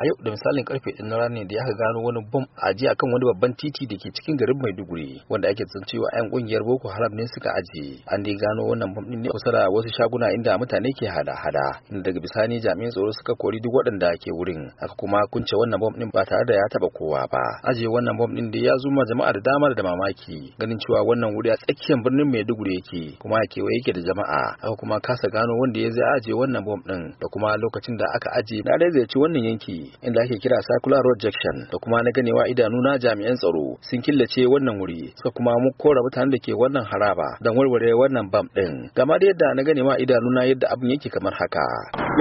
a yau da misalin karfe din rana ne da ya gano wani bom a jiya akan wani babban titi da ke cikin garin Maiduguri wanda ake tsan cewa 'yan kungiyar Boko Haram ne suka aje an dai gano wannan bom din ne kusa da wasu shaguna inda mutane ke hada-hada inda daga bisani jami'an tsaro suka kori duk waɗanda ke wurin aka kuma kunce wannan bom ɗin ba tare da ya taba kowa ba aje wannan bom ɗin da ya zuma jama'a da dama da mamaki ganin cewa wannan wuri a tsakiyar birnin Maiduguri yake kuma a kewaye yake da jama'a aka kuma kasa gano wanda ya zai aje wannan bom ɗin da kuma lokacin da aka aje na zai ci wannan yanki inda ake kira circular road junction da kuma na ganewa idanu na jami'an tsaro sun killace wannan wuri suka kuma mu kora mutanen da ke wannan haraba don warware wannan bam din gama da yadda na ganewa idanu na yadda abin yake kamar haka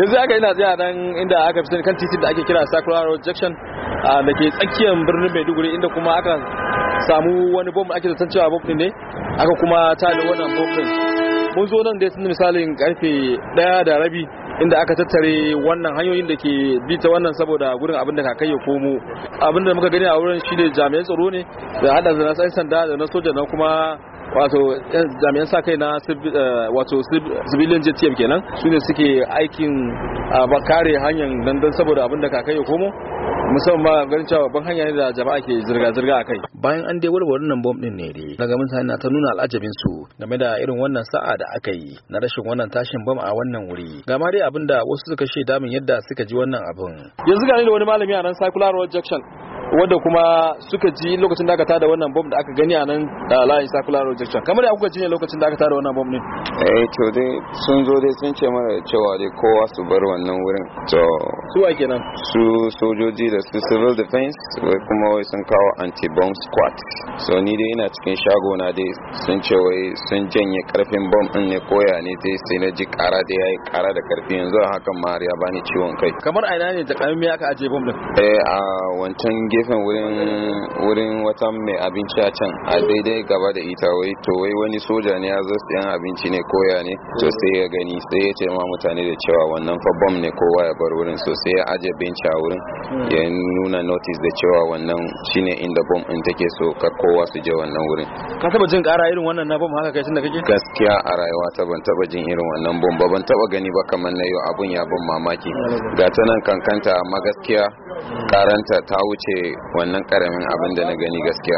yanzu aka ina tsaya nan inda aka fi kan titin da ake kira circular road junction da ke tsakiyar birnin maiduguri inda kuma aka samu wani bom ake zaton cewa bom ne aka kuma tali wannan bom din mun zo nan dai sun misalin karfe daya da rabi inda aka tattare wannan hanyoyin da ke bi ta wannan saboda gurin abin da kakai ya komo abin da muka gani a wurin shine jami'an tsaro ne da hada da na sanda da na soja na kuma wato jami'an sa kai na eh, wato civilian jtm kenan su ne suke aikin ah, kare hanyar dandan saboda abin da kakai ya komo musamman ma ganin cewa ban hanya ne da jama'a ke zirga-zirga a kai bayan an dai warware nan bom din ne dai daga mutane na ta nuna al'ajabin su game da irin wannan sa'a da aka yi na rashin wannan tashin bom a wannan wuri ga ma dai abinda wasu suka shaida min yadda suka ji wannan abin yanzu ga ni da wani malami a nan circular road wadda kuma suka ji lokacin da aka tada wannan bomb da aka gani a nan da layin circular rejection kamar da kuka ji ne lokacin da aka tada wannan bomb ne eh to dai sun zo dai sun ce mana cewa dai kowa su bar wannan wurin to su wa kenan su sojoji da su civil defense wai kuma wai sun kawo anti bomb squad so ni dai ina cikin shago na dai sun ce wai sun janye karfin bomb din ne koya ne dai sai na ji kara da yayi kara da karfi yanzu hakan ma ya bani ciwon kai kamar a ina ne da kamar me aka aje bomb din eh a wancan gefen wurin wata mai abinci a can a daidai gaba da ita wai to wai wani soja ne ya zo yan abinci ne koya ne to sai ya gani sai ya ce ma mutane da cewa wannan fa bom ne kowa ya bar wurin so sai ya aje benci a wurin hmm. ya nuna notice da cewa wannan shine inda bom in take so ka kowa su je wannan wurin ka taba jin kara irin wannan na bom haka kai tunda kake gaskiya a rayuwa ta ban taba jin irin wannan bom ba ban taba gani ba kamar na yau abun ya ban mamaki ga ta nan kankanta amma gaskiya karanta ta wuce wannan karamin abin da na gani gaskiya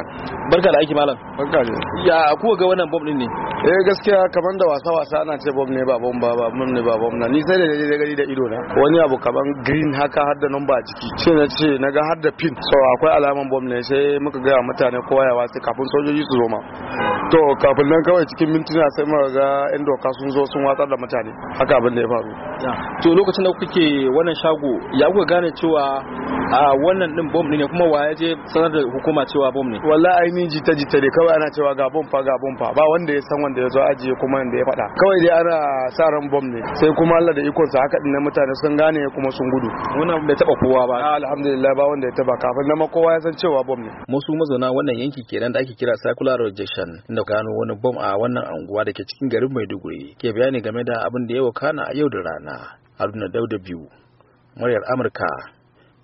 barka da aiki malam barka da ya kuwa ga wannan bomb din ne eh gaskiya kaman da wasa wasa ana ce bomb ne ba bomb ba ba ne ba bomb na ni sai da da gari da ido na wani abu kaman green haka har da number a jiki sai na ce na ga har da pin so akwai alaman bomb ne sai muka ga mutane kowa ya wasu kafin sojoji su zo ma to kafin nan kawai cikin mintuna sai muka ga yan doka sun zo sun watsar da mutane haka abin da ya faru to lokacin da kuke wannan shago ya kuka gane cewa a wannan din bom ne kuma waye je sanar da hukuma cewa bom ne wallahi ainihin jita jita ne kawai ana cewa ga bom fa ga bom fa ba wanda ya san wanda ya zo ajiye kuma wanda ya faɗa kawai dai ana sa ran bom ne sai kuma Allah da ikonsa haka din mutane sun gane kuma sun gudu wannan bai taba kowa ba ah, alhamdulillah ba wanda ya taba kafin na kowa ya san cewa bom ne musu mazauna wannan yanki kenan da ake kira circular rejection inda gano wani bom a wannan anguwa da ke cikin garin Maiduguri ke bayani game da abin da ya wakana a yau da rana Haruna Dauda biyu muryar Amurka